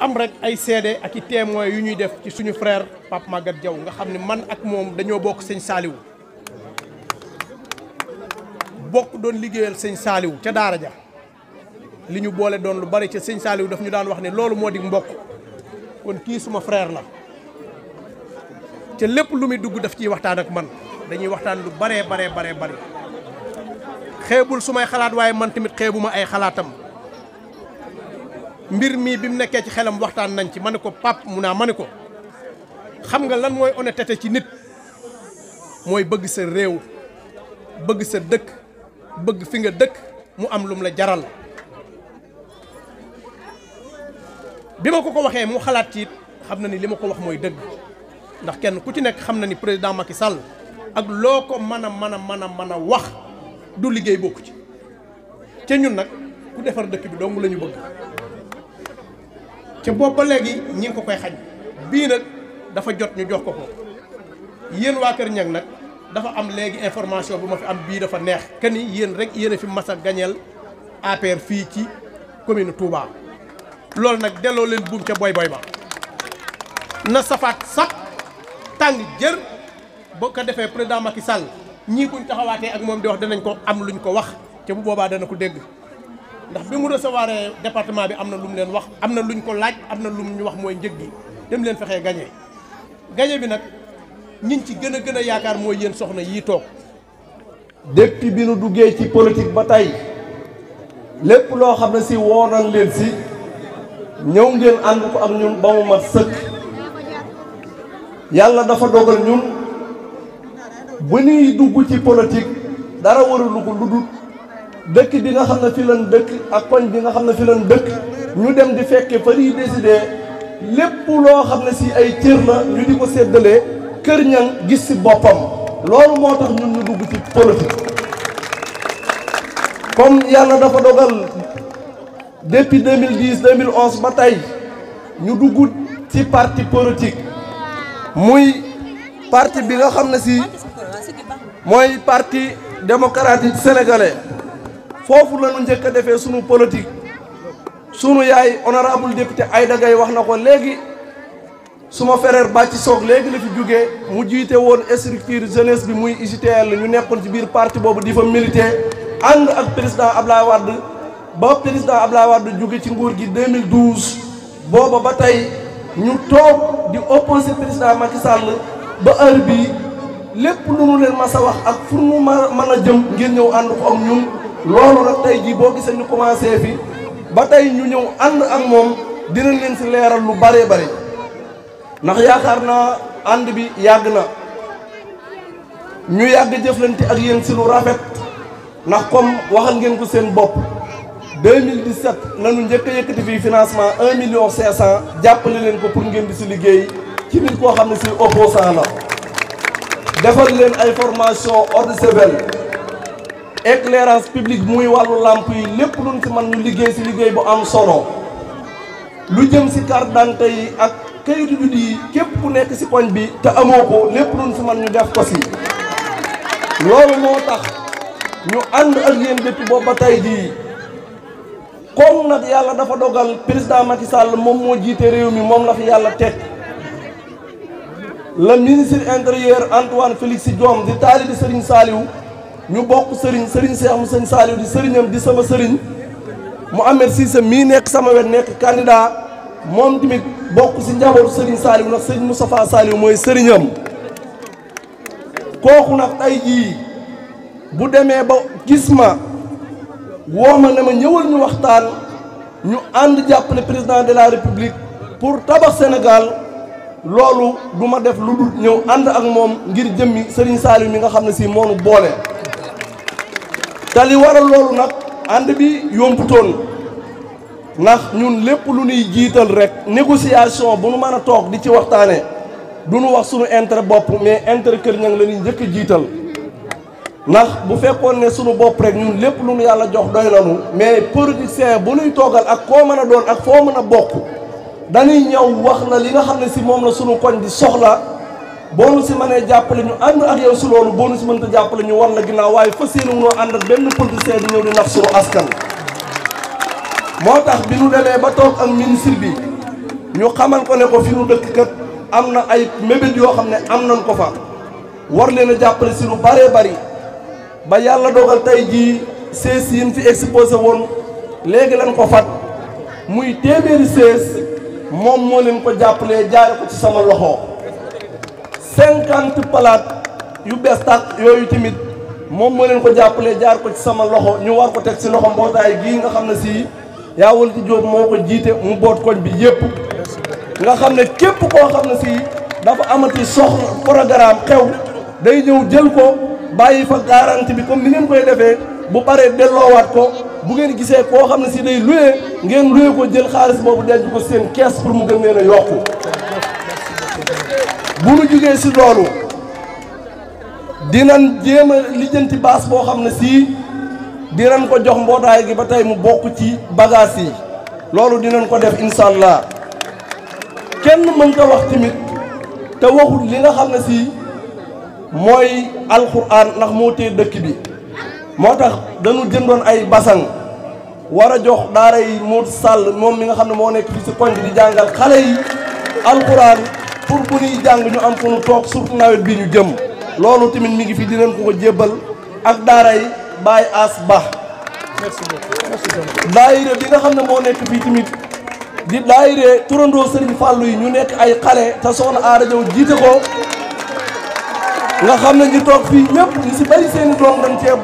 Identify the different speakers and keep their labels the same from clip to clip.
Speaker 1: am rek ay seede ak i témoins yu ñuy def ci suñu freer Pape Maguette jaw nga xam ne man ak moom dañoo bokk sëñ Saaliwu bokk doon liggéeyal sëñ Saaliwu ca daara ja li ñu boole doon lu bari ca sëñ Saaliwu daf ñu daan wax ne loolu moo di mbokk kon kii suma frère la ca lépp lu muy dugg daf ciy waxtaan ak man dañuy waxtaan lu baree baree baree bari xeebul sumay xalaat waaye man tamit xeebuma ay xalaatam mbir mii bi mu nekkee ci xelam waxtaan nañ ci ma ne ko pap mu naa ma ne ko xam nga lan mooy honnêteté ci nit mooy bëgg sa réew bëgg sa dëkk bëgg fi nga dëkk mu am lum la jaral bi ma ko ko waxee mu xalaat ci it xam na ni li ma ko wax mooy dëgg ndax kenn ku ci nekk xam na ni président Macky Sall ak loo ko mën a mën a mën mën a wax du liggéey bokku ci te ñun nag ku defar dëkk bi dong lañu bëgg ca boobu ba léegi ñi ko koy xañ bii nag dafa jot ñu jox ko ko yéen waa Kër Niang nag dafa am léegi information bu ma fi am bii dafa neex que ni yéen rek yéen fi mas a gañeel APR fii ci commune Touba loolu nag delloo leen buum ca booy boy ba na safaat sax tàng jër boo ko defee président Macky Sall ñii buñ taxawaatee ak moom di wax danañ ko am luñ ko wax te bu boobaa dana ko dégg ndax bi mu recevoir département bi am na lu mu leen wax am na luñ ko laaj am na lu ñu wax mooy njëg gi dem leen fexee gañe gañe bi nag ñiñ ci gën a gën a yaakaar mooy yéen soxna yii toog
Speaker 2: depuis bi nu duggee ci politique ba tey lépp loo xam ne si woonan leen si ñëw ngeen ànd ko ak ñun ba mu mat sëkk yàlla dafa dogal ñun ba ñuy dugg ci politique dara warulu ko lu dul dëkk bi nga xam ne fi lan dëkk ak koñ bi nga xam ne fi lan dëkk ñu dem di fekke fa ñuy décidé lépp loo xam ne si ay cër la ñu di ko séddalee kër ñang gis si boppam loolu moo tax ñun ñu dugg ci politique comme yàlla dafa dogal depuis 2010 2011 ba tey ñu dugg ci parti politique muy parti bi nga xam ne si mooy parti démocratique sénégalais foofu la ñu njëkk defee sunu politique sunu yaay honorable député ay Gaye wax na ko léegi su ma frère Bàcci Soog léegi la fi jógee mu jiite woon structure jeunesse bi muy UJTL ñu nekkoon ci biir parti boobu di fa militer ànd ak président Ablaye Wade ba président Ablaye Wade jóge ci nguur gi 2012 booba ba tey ñu toog di opposé président Macky Sall ba heure lépp lu mu leen mas a wax ak fu mu mën a jëm ngeen ñëw ànd ko ak ñun. loolu nag tey jii boo gisee ñu commencé fi ba tey ñu ñëw ànd ak moom dinañ leen si leeral lu bare bare ndax yaakaar naa ànd bi yàgg na ñu yàgg jëflante ak yéen si lu rafet ndax comme waxal ngeen ko seen bopp 2017 nanu njëkk a yëkkati fii financement 1 million 500 jàppale leen ko pour ngeen di si liggéey ci nit koo xam ne si opposant la defal leen ay formation hors de éclairance publique muy wàllu làmp yi lépp luñ ci man ñu liggéey ci liggéey bu am solo lu jëm ci carte d'identité yi ak kayitu judd yi képp ku nekk ci koñ bi te amoo ko lépp luñ ci man ñu def ko ci loolu moo tax ñu ànd ak yéen depuis boobu tey jii comme nag yàlla dafa dogal président Macky Sall moom moo jiite réew mi moom la fi yàlla teg le ministre intérieur Antoine Félix Diome di taalibi Serigne Saliou ñu bokk sëriñ sëriñ Cheikh mu sëñ Saliou di sëriñam di sama sëriñ Mouhamed Cissé mii nekk sama wet nekk candidat moom tamit bokk si njabootu sëriñ Saliou ndax sëriñ Moustapha Saliou mooy sëriñam kooku nag tey jii bu demee ba gis ma woo ma ne ma ñëwal ñu waxtaan ñu ànd jàppale président de la république pour tabax Sénégal loolu du ma def lu dul ñëw ànd ak moom ngir jëmmi sëriñ Saliou mi nga xam ne si moonu boole te li waral loolu nag ànd bi yombutoon ndax ñun lépp lu ñuy jiital rek négociation bu nu man a toog di ci waxtaanee du nu wax sunu intérêt bopp mais intérêt kër ñang la jëkk jiital ndax bu fekkoon ne sunu bopp rek ñun lépp lu nu yàlla jox doy nañu mais politicien bu nuy toogal ak koo mën a doon ak foo mën a bokk dañuy ñëw wax la li nga xam ne si moom la sunu koñ di soxla. boo si manee jàppale ñu ànd ak yow si loolu boo nu si mënta jàppale ñu war na ginnaaw waaye fas yéene wu noo ànd ak benn politicien di ñëw di nax suñu askan. moo tax bi nu demee ba toog ak ministre bi ñu xamal ko ne ko fi nu dëkk kat am na ay mébét yoo xam ne am nañ ko fa war leen a jàppale si lu bari bëri ba yàlla dogal tey jii sees yi fi exposé woon léegi lañ ko fat muy téeméeri sees moom moo leen ko jàppalee jaare ko ci sama loxo. cinquante palaat yu bees tàq yooyu tamit moom moo leen ko jàppale jaar ko ci sama loxo ñu war ko teg si loxo mbootaay gii nga xam ne sii yaa wal ci Jóob moo ko jiite mu boot koñ bi yépp nga xam ne képp koo xam ne sii dafa amati soxla programme xew day ñëw jël ko bàyyi fa garanti bi comme ni ngeen koy defee bu paree delloowaat ko bu ngeen gisee koo xam ne si day luye ngeen luye ko jël xaalis boobu denc ko seen kees pour mu gën leen a yokku bu nu jugee si loolu dinañ jéem a lijjanti baas boo xam ne sii dinañ ko jox mbootaay gi ba tey mu bokk ci bagage yi loolu di dinañ ko def incha allah kenn mënta wax tamit te waxul li nga xam ne sii mooy alxuraan ndax moo tee dëkk bi moo tax dañu jëndoon ay basang war a jox daara yi mu sàll moom mi nga xam ne moo nekk fi si koñ bi di jàngal xale yi alxuraan. pour bu ñuy jàng ñu am fu ñu toog surtout nawet bi ñu jëm loolu tamit mi ngi fi dinañ ko ko jébbal ak daaray Baye As Ba.
Speaker 1: merci beaucoup
Speaker 2: daayire bi nga xam ne moo nekk fii tamit di daayire turandoo Serigne Fallou yi ñu nekk ay xale te soxna Aada Jaw jiite ko nga xam ne ñi toog fii ñëpp ñu si bari seeni doom dañ cee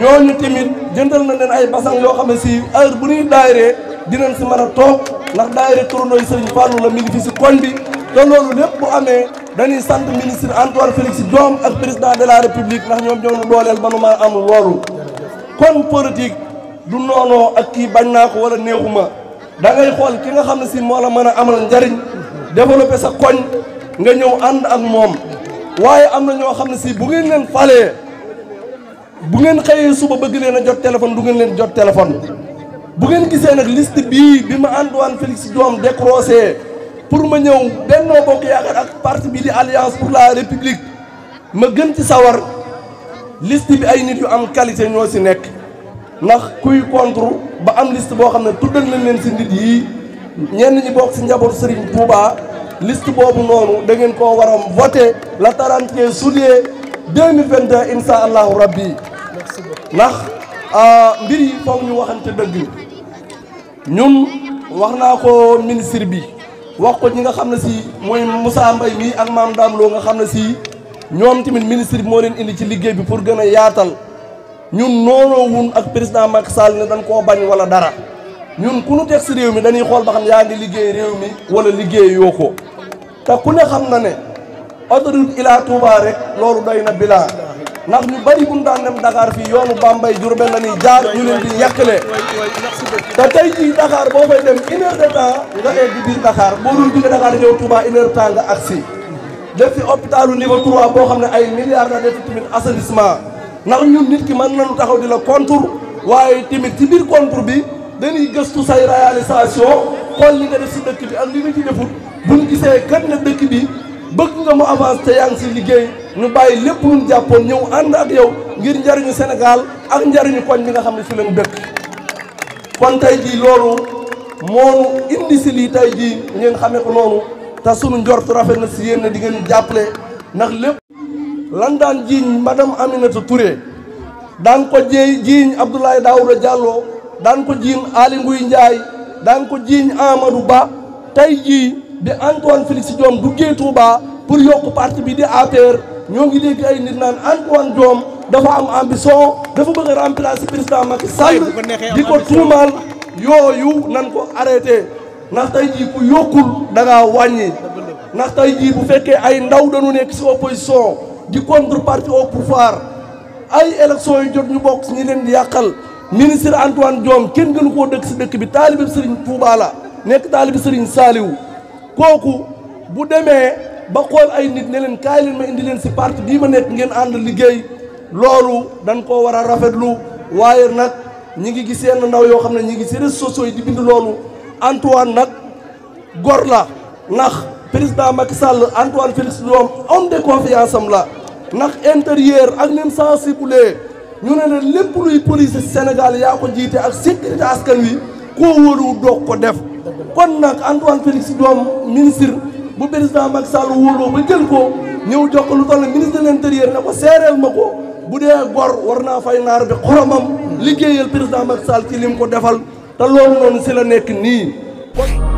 Speaker 2: ñoo ñu tamit jëndal na leen ay basang yoo xam ne si heure bu ñuy daayire dinañ si man a toog ndax daayire turandoo yi Serigne Fallou la mi ngi fi si koñ bi. te loolu lépp bu amee dañuy sant ministre Antoine Félix Diome ak président de la république ndax ñoom ñoo ñu dooleel ba nu maa am loolu. kon politique du noonoo ak kii bañ naa ko wala neexuma da xool ki nga xam ne si moo la mën a amal njariñ développer sa koñ nga ñëw ànd ak moom waaye am na ñoo xam ne si bu ngeen leen falee bu ngeen xëyee suba bëgg leen a jot téléphone du ngeen leen jot téléphone bu ngeen gisee nag liste bii bi ma Antoine Félix Diome décroché. pour ma ñëw Benno Bokk Yaakaar ak parti bi di alliance pour la république ma gën ci sawar liste bi ay nit yu am qualité ñoo si nekk ndax kuy contre ba am liste boo xam ne tuddal nañ leen si nit yii ñenn ñi bokk si njaboot Serigne Touba liste boobu noonu da ngeen koo war a voté la 31 juillet 2021 insha allahu rabbi ndax a yi foog ñu waxante dëgg ñun wax naa ko ministre bi. wax ko ñi nga xam ne si mooy Moussa Mbaye mii ak maam Dame Lo nga xam ne si ñoom tamit ministre bi moo leen indi ci liggéey bi pour gën a yaatal ñun noonoo wun ak président Macky Sall ne dañ koo bañ wala dara ñun ku nu teg si réew mi dañuy xool ba xam yaa ngi liggéey réew mi wala liggéey yoo ko te ku ne xam na ne autoroute Ila Touba rek loolu doy na bilan ndax ñu bari bu ñu daan dem Dakar fii yoonu Bambey Diourbel la ñuy jaar ñu leen di yàqale te tey jii Dakar boo fay dem une de temps nga egg biir Dakar boo dul jóge Dakar ñëw Touba une de temps nga agsi def fi hôpitalu niveau 3 boo xam ne ay milliards la def tamit assainissement ndax ñun nit ki mën nañu taxaw di la waaye tamit ci biir contour bi dañuy gëstu say réalisation xool li nga def si dëkk bi ak li nga ci defut buñ gisee na dëkk bi mu avance si liggéey ñu bàyyi lépp luñ jàppoon ñëw ànd ak yow ngir njariñu Sénégal ak njariñu koñ bi nga xam ne fi lañ dëkk kon tey jii loolu moonu indi si lii tey jii ngeen xamee ko noonu te sunu njor rafet na si yéen di ngeen jàppale ndax lépp lan daan jiiñ madame Aminata Touré daan ko jeey jiiñ Abdoulaye Daouda Diallo daan ko jiiñ Ali Nguy Ndiaye daan ko jiiñ Amadou Ba tey jii bi Antoine Félix Diome duggee Touba pour yokk parti bi di APR ñoo ngi dégg ay nit naan Antoine Diome dafa am ambition dafa bëgg a remplacer président Macky Sall di ko tuumaal yooyu nan ko arrêté ndax tey jii ku yokkul daga ngaa wàññi ndax tey jii bu fekkee ay ndaw dañu nekk si opposition di contre parti au pouvoir ay élection yu jot ñu bokk ñi leen di yàqal ministre Antoine Diome kenn gënu koo dëkk si dëkk bi taalibi Serigne Touba la nekk taalibi Serigne Saliou kooku bu demee ba xool ay nit ne leen kaay leen ma indi leen si parti bii ma nekk ngeen ànd liggéey loolu dañ koo war a rafetlu waaye nag ñi ngi gis yenn ndaw yoo xam ne ñi ngi si réseaux sociaux yi di bind loolu Antoine nag gor la ndax président Macky Sall Antoine Félix Diome homme de confiance am la ndax intérieur ak nen sensible ñu ne leen lépp luy police Sénégal yaa ko jiite ak sécurité kan wi koo wóoluwu doog ko def kon nag Antoine Félix Diome ministre bu président Macky Sall wóoloo ba jël ko ñëw jox ko lu toll ministre de l'intérieur ne ko seereel ma ko bu dee gor war naa fay naar bi xoromam liggéeyal président Macky Sall ci lim ko defal te loolu noonu si la nekk nii.